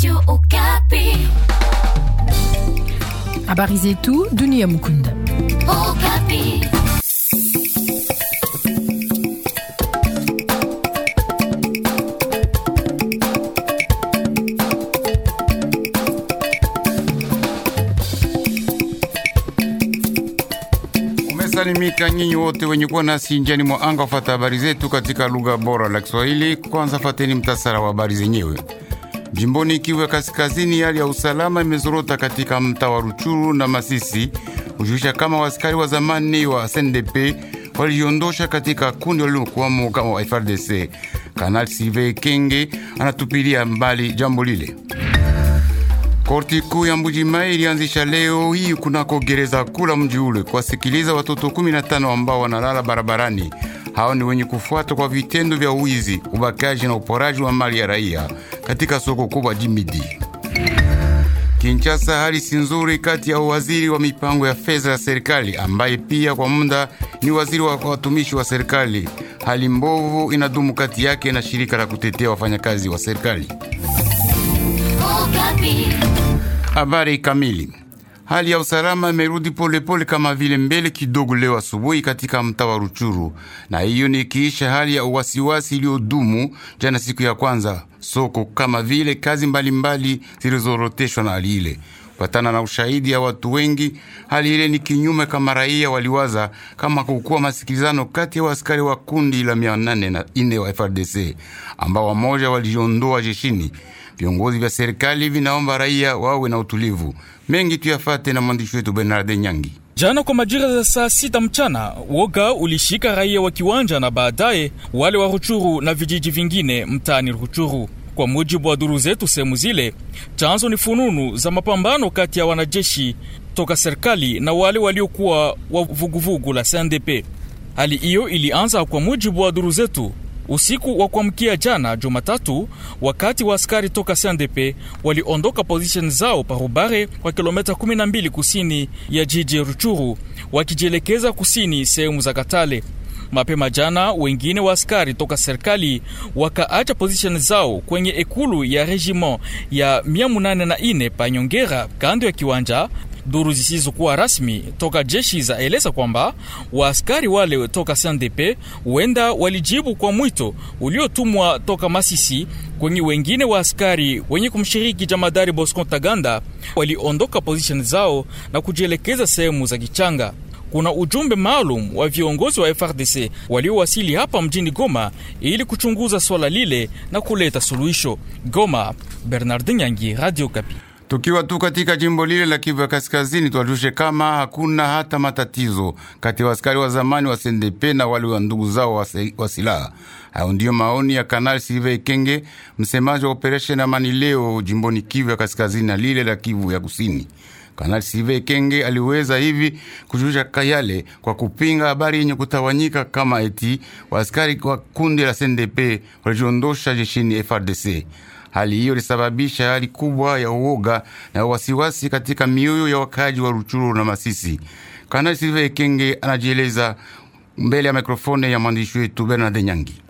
Radio Okapi. Habari zetu dunia mkunda. Okapi. Salimika nyinyi wote wenye kuwa nasi njiani mwa anga, fata habari zetu katika lugha bora la Kiswahili. Kwanza fateni mtasara wa habari zenyewe. Jimboni Kivu ya Kaskazini, hali ya usalama imezorota katika mtaa wa Ruchuru na Masisi, kujulisha kama wasikari wa zamani wa SNDP walijiondosha katika kundi walilokuwamo kama wa FRDC. Kanal Sive Kenge anatupilia mbali jambo lile. Korti kuu ya Mbujimai ilianzisha leo hii kunako gereza kula mji ule kuwasikiliza watoto 15 ambao wanalala barabarani. Hao ni wenye kufuatwa kwa vitendo vya uwizi, ubakaji na uporaji wa mali ya raia katika soko kubwa Jimidi. Kinshasa, hali si nzuri kati ya waziri wa mipango ya fedha ya serikali ambaye pia kwa muda ni waziri wa watumishi wa serikali. Hali mbovu inadumu kati yake na shirika la kutetea wafanyakazi wa serikali. Oh, Habari kamili Hali ya usalama imerudi polepole kama vile mbele kidogo leo asubuhi katika mtaa wa Ruchuru, na hiyo ni kiisha hali ya uwasiwasi iliyodumu jana siku ya kwanza soko, kama vile kazi mbalimbali zilizoroteshwa na hali ile patana na ushahidi ya watu wengi, hali ile ni kinyume kama raia waliwaza, kama kukuwa masikilizano kati ya askari wa kundi la mia nane na ine wa FRDC ambao wamoja waliondoa jeshini Viongozi vya serikali vinaomba raia wawe na utulivu. Mengi tuyafate na mwandishi wetu Bernard Nyangi. Jana kwa majira za saa sita mchana woga ulishika raia wa Kiwanja na baadaye wale wa Ruchuru na vijiji vingine mtaani Ruchuru. Kwa mujibu wa duru zetu sehemu zile, chanzo ni fununu za mapambano kati ya wanajeshi toka serikali na wale waliokuwa wa vuguvugu la CNDP. Hali hiyo ilianza kwa mujibu wa duru zetu Usiku wa kuamkia jana Jumatatu, wakati wa askari toka CNDP waliondoka position zao Parubare kwa kilomita 12 kusini ya jiji Ruchuru wakijielekeza kusini sehemu za Katale. Mapema jana wengine wa askari toka serikali wakaacha position zao kwenye ekulu ya regiment ya 804 Panyongera kando ya kiwanja Duru zisizokuwa rasmi toka jeshi zaeleza kwamba waaskari wale toka CNDP huenda walijibu kwa mwito uliotumwa toka Masisi kwenye wengine wa askari wenye kumshiriki jamadari Bosco taganda waliondoka position zao na kujielekeza sehemu za kichanga. Kuna ujumbe maalum wa viongozi wa FRDC waliowasili hapa mjini Goma ili kuchunguza swala lile na kuleta suluhisho. Goma, Bernard Nyangi, Radio Kapi. Tukiwa tu katika jimbo lile la Kivu ya Kaskazini, twajushe kama hakuna hata matatizo kati ya askari wa zamani wa CNDP na wale wa ndugu zao wa silaha. Hayo ndiyo maoni ya Kanali Silve Ikenge, msemaji wa operesheni Amani leo jimboni Kivu ya Kaskazini na lile la Kivu ya Kusini. Kanali Silve Ikenge aliweza hivi kujulisha kayale kwa kupinga habari yenye kutawanyika kama eti waaskari wa kundi la CNDP walijiondosha jeshini FRDC. Hali hiyo ilisababisha hali kubwa ya uoga na wasiwasi katika mioyo ya wakaji wa Ruchuru na Masisi. Kanali Silve Ekenge anajieleza mbele ya mikrofoni ya mwandishi wetu Bernard Nyangi.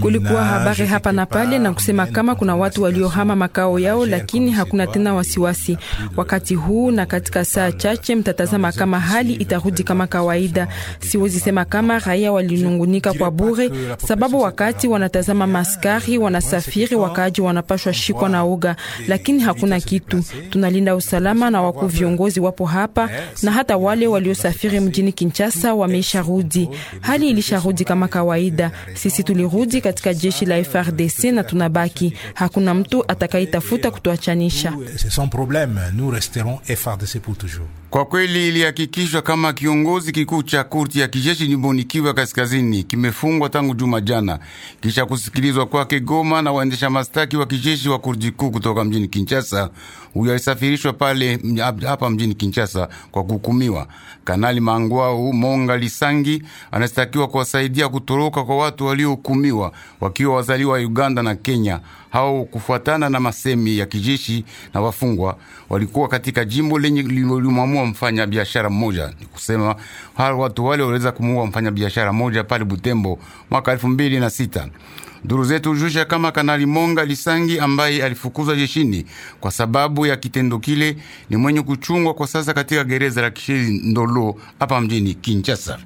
Kulikuwa habari hapa na pale na kusema kama kuna watu waliohama makao yao, lakini hakuna tena wasiwasi wakati huu, na katika saa chache mtatazama kama hali itarudi kama kawaida. Siwezi sema kama raia walinungunika kwa bure, sababu wakati wanatazama maskari wanasafiri, wakaaji wanapashwa shikwa na uga, lakini hakuna kitu. Tunalinda usalama na waku viongozi wapo hapa, na hata wale waliosafiri mjini Kinshasa wameisharudi, hali ilisharudi kama kawaida kawaida. Sisi tulirudi katika jeshi la FRDC na tunabaki, hakuna mtu atakayetafuta kutuachanisha. Kwa kweli ilihakikishwa kama kiongozi kikuu cha kurti ya kijeshi jimboni Kivu Kaskazini kimefungwa tangu juma jana kisha kusikilizwa kwake Goma na waendesha mastaki wa kijeshi wa kurti kuu kutoka mjini Kinshasa. Huyo alisafirishwa pale hapa mjini Kinshasa kwa kuhukumiwa. Kanali Mangwau Monga Lisangi anastakiwa kuwasaidia kutoroka kutoka kwa watu waliohukumiwa wakiwa wazaliwa wa Uganda na Kenya. Hao kufuatana na masemi ya kijeshi na wafungwa walikuwa katika jimbo lenye lilimwamua mfanya biashara mmoja. Ni kusema hao watu wale waliweza kumuua mfanya biashara mmoja pale Butembo mwaka elfu mbili na sita. Duru zetu jusha kama Kanali Monga Lisangi ambaye alifukuzwa jeshini kwa sababu ya kitendo kile ni mwenye kuchungwa kwa sasa katika gereza la Kisheri Ndolo hapa mjini Kinshasa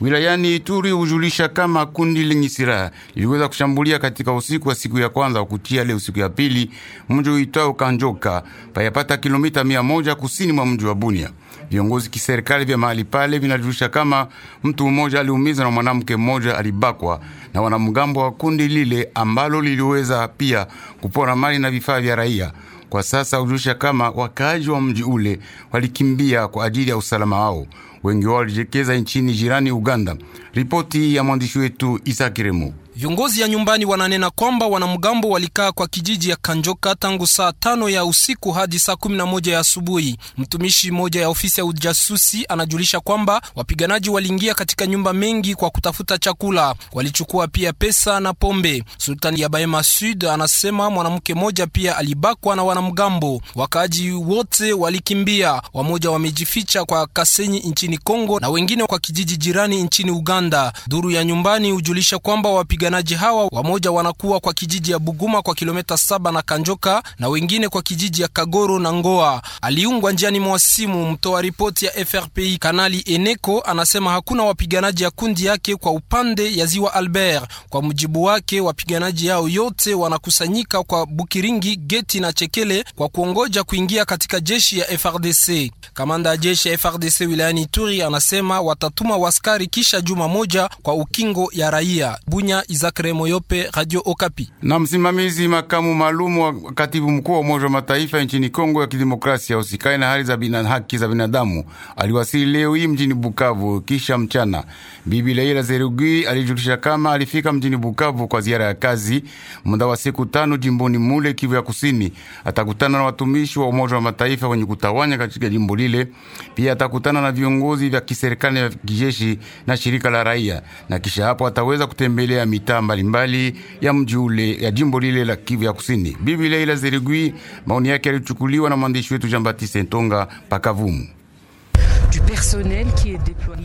wilayani Ituri hujulisha kama kundi lenye silaha liliweza kushambulia katika usiku wa siku ya kwanza wa kutia leo siku ya pili mji uitwao Kanjoka payapata kilomita mia moja kusini mwa mji wa Bunia. Viongozi kiserikali vya mahali pale vinajulisha kama mtu mmoja aliumizwa na mwanamke mmoja alibakwa na wanamgambo wa kundi lile ambalo liliweza pia kupora mali na vifaa vya raia. Kwa sasa ujusha kama wakaaji wa mji ule walikimbia kwa ajili ya usalama wao, wengi wao walijekeza nchini jirani Uganda. Ripoti ya mwandishi wetu isaki remu Viongozi ya nyumbani wananena kwamba wanamgambo walikaa kwa kijiji ya Kanjoka tangu saa tano ya usiku hadi saa kumi na moja ya asubuhi. Mtumishi mmoja ya ofisi ya ujasusi anajulisha kwamba wapiganaji waliingia katika nyumba mengi kwa kutafuta chakula, walichukua pia pesa na pombe. Sultani ya Bahema Sud anasema mwanamke mmoja pia alibakwa na wanamgambo. Wakaaji wote walikimbia, wamoja wamejificha kwa Kasenyi nchini Kongo na wengine kwa kijiji jirani nchini Uganda. Duru ya nyumbani hujulisha kwamba wapiga Wapiganaji hawa wamoja wanakuwa kwa kijiji ya Buguma kwa kilomita saba na Kanjoka na wengine kwa kijiji ya Kagoro na Ngoa. Aliungwa njiani mwa simu, mtoa ripoti ya FRPI Kanali Eneko anasema hakuna wapiganaji ya kundi yake kwa upande ya Ziwa Albert. Kwa mujibu wake, wapiganaji yao yote wanakusanyika kwa Bukiringi Geti na Chekele kwa kuongoja kuingia katika jeshi ya FRDC. Kamanda ya jeshi ya FRDC wilayani Ituri anasema watatuma waskari kisha juma moja kwa ukingo ya raia Bunya Isaac Remoyope, Radio Okapi. Na msimamizi makamu maalumu wa katibu mkuu wa Umoja wa Mataifa nchini Kongo ya Kidemokrasia usikae na hali za bina, haki za binadamu aliwasili leo hii mjini Bukavu kisha mchana. Bibi Leila Zerugi alijulisha kama alifika mjini Bukavu kwa ziara ya kazi muda wa siku tano jimboni mule Kivu ya Kusini. Atakutana na watumishi wa Umoja wa Mataifa wenye kutawanya katika jimbo lile. Pia atakutana na viongozi vya kiserikali na kijeshi na shirika la raia, na kisha hapo ataweza kutembelea miti mitaa mbalimbali ya mji ule ya jimbo lile la Kivu ya Kusini. Bibi Leila Zerigui, maoni yake yalichukuliwa na mwandishi wetu Jean-Baptiste Ntonga Pakavumu.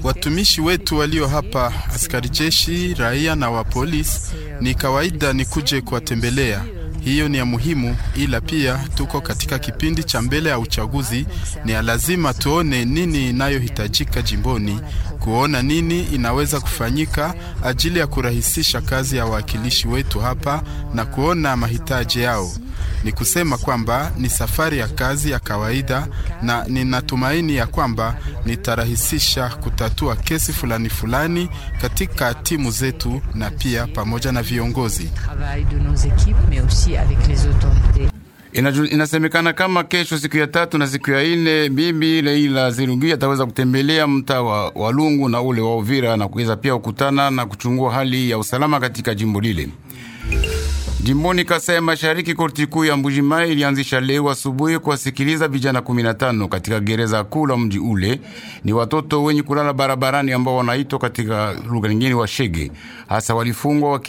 Watumishi wetu walio hapa, askari jeshi, raia na wapolisi ni kawaida ni kuje kuwatembelea hiyo ni ya muhimu, ila pia tuko katika kipindi cha mbele ya uchaguzi. Ni ya lazima tuone nini inayohitajika jimboni, kuona nini inaweza kufanyika ajili ya kurahisisha kazi ya wawakilishi wetu hapa na kuona mahitaji yao. Ni kusema kwamba ni safari ya kazi ya kawaida, na ninatumaini ya kwamba nitarahisisha kutatua kesi fulani fulani katika timu zetu na pia pamoja na viongozi. Inasemekana kama kesho siku ya tatu na siku ya ine bibi Leila Zerugi ataweza kutembelea mtaa wa Walungu na ule wa Uvira na kuweza pia kukutana na kuchungua hali ya usalama katika jimbo lile. Jimboni Kasai Mashariki, korti kuu ya Mbujimai ilianzisha leo asubuhi kuwasikiliza vijana 15 katika gereza kuu la mji ule. Ni watoto wenye kulala barabarani ambao wanaitwa katika lugha nyingine wa shege, hasa walifungwa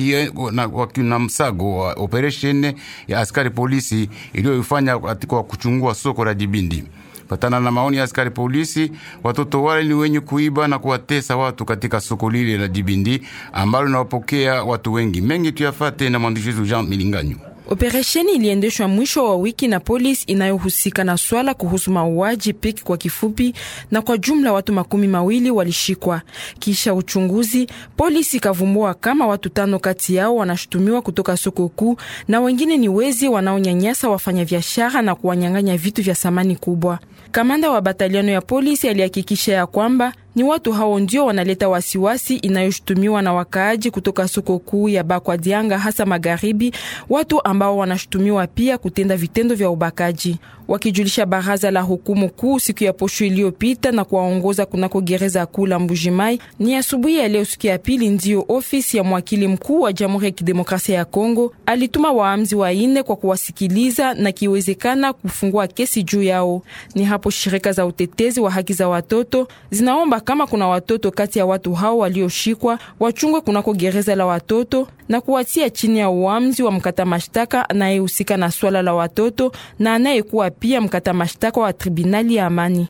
na, msago wa operesheni ya askari polisi iliyoifanya kwa kuchungua soko la Jibindi. Patana na maoni ya askari polisi, watoto wale ni wenye kuiba na kuwatesa watu katika soko lile la Jibindi ambalo linawapokea watu wengi. Mengi tuyafate na mwandishi wetu Jean Milinganyo. Operesheni iliendeshwa mwisho wa wiki na polisi inayohusika na swala kuhusu mauaji PIK kwa kifupi, na kwa jumla watu makumi mawili walishikwa. Kisha uchunguzi, polisi ikavumbua kama watu tano kati yao wanashutumiwa kutoka soko kuu na wengine ni wezi wanaonyanyasa wafanya biashara na kuwanyang'anya vitu vya samani kubwa. Kamanda wa bataliano ya polisi alihakikisha ya kwamba ni watu hao ndio wanaleta wasiwasi inayoshutumiwa na wakaaji kutoka soko kuu ya Bakwadianga, hasa magharibi, watu ambao wanashutumiwa pia kutenda vitendo vya ubakaji wakijulisha baraza la hukumu kuu siku ya posho iliyopita na kuwaongoza kunako gereza kuu la Mbujimai. Ni asubuhi ya leo siku ya pili ndiyo ofisi ya mwakili mkuu wa Jamhuri ya Kidemokrasia ya Kongo alituma waamzi ine kwa kuwasikiliza na kiwezekana kufungua kesi juu yao. Ni hapo shirika za utetezi wa haki za watoto zinaomba kama kuna watoto kati ya watu hao walioshikwa wachungwe kunako gereza la watoto na kuwatia chini ya uamuzi wa mkata mashtaka anayehusika na swala la watoto na anayekuwa pia mkata mashtaka wa tribunali ya amani.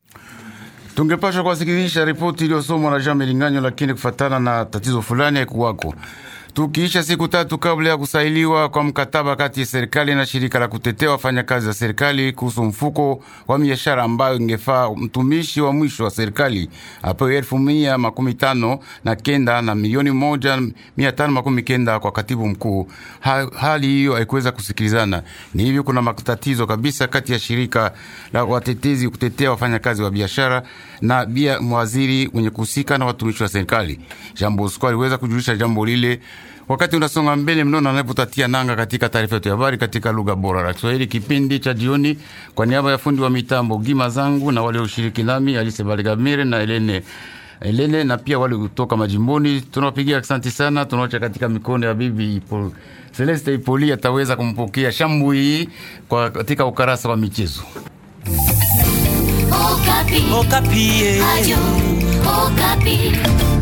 tungepashwa kuwasikilisha ripoti iliyosomwa na Jean Melinganyo, lakini kufatana na tatizo fulani haikuwako tukiisha siku tatu kabla ya kusailiwa kwa mkataba kati ya serikali na shirika la kutetea wafanyakazi wa serikali kuhusu mfuko wa biashara ambayo ingefaa mtumishi wa mwisho wa serikali apewe elfu mia makumi tano na kenda na milioni moja mia tano makumi kenda kwa katibu mkuu. Ha, hali hiyo haikuweza kusikilizana. Ni hivyo kuna matatizo kabisa kati ya shirika la watetezi kutetea wafanyakazi wa biashara na bia mwaziri mwenye kuhusika na watumishi wa serikali. Jambo Skwari aliweza kujulisha jambo lile Wakati unasonga mbele mnaona na nanga katika taarifa yetu ya habari katika lugha bora la Kiswahili, kipindi cha jioni. Kwa niaba ya fundi wa mitambo Gima zangu na wale ushiriki nami Alise Balgamire na Elene Elene na pia wale kutoka majimboni, tunawapigia asante sana. Tunaacha katika mikono ya bibi Ipo Celeste Ipoli, ataweza kumpokea shambu hii kwa katika ukarasa wa michezo. Okapi. Okapi. Eh. Ayu, Okapi.